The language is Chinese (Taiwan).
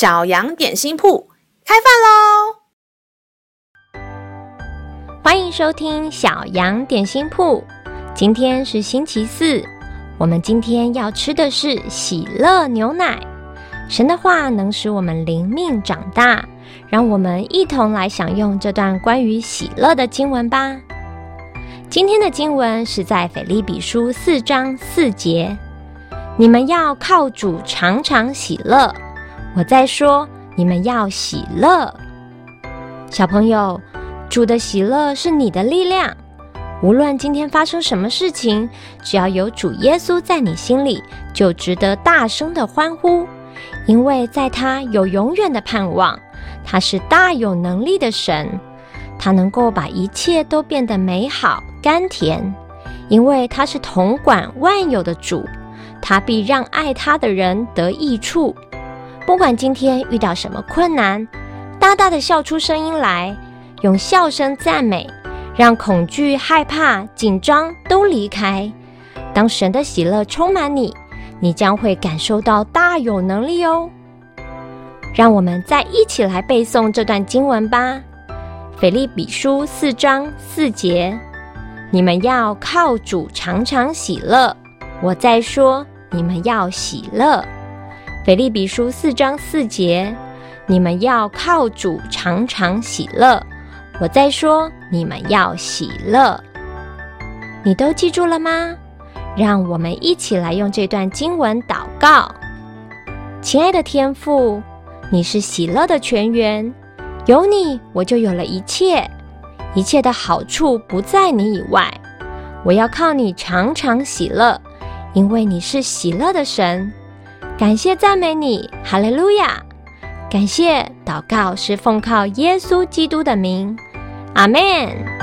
小羊點心鋪開飯嘍！歡迎收聽小羊點心鋪。今天是星期四，我們今天要吃的是喜樂牛奶。神的話能使我們靈命長大，讓我們一同來享用這段關於喜樂的經文吧。今天的經文是在腓立比書四章四節：“你們要靠主常常喜樂。”我再說，你們要喜樂，小朋友，主的喜樂是你的力量。無論今天發生什麼事情，只要有主耶穌在你心裡，就值得大聲的歡呼，因為在他有永遠的盼望。他是大有能力的神，他能夠把一切都變得美好甘甜，因為他是統管萬有的主，他必讓愛他的人得益處。不管今天遇到什麼困難，大大的笑出聲音來，用笑聲讚美，讓恐懼、害怕、緊張都離開。當神的喜樂充滿你，你將會感受到大有能力哦。讓我們再一起來背誦這段經文吧，《腓立比書》四章四節，你們要靠主常常喜樂。我再說，你們要喜樂。腓立比書四章四節，你們要靠主常常喜樂。我再說，你們要喜樂。你都記住了嗎？讓我們一起來用這段經文禱告。親愛的天父，你是喜樂的泉源，有你我就有了一切，一切的好處不在你以外。我要靠你常常喜樂，因為你是喜樂的神。感謝讚美你，哈利路亞！感謝禱告是奉靠耶穌基督的名，阿門。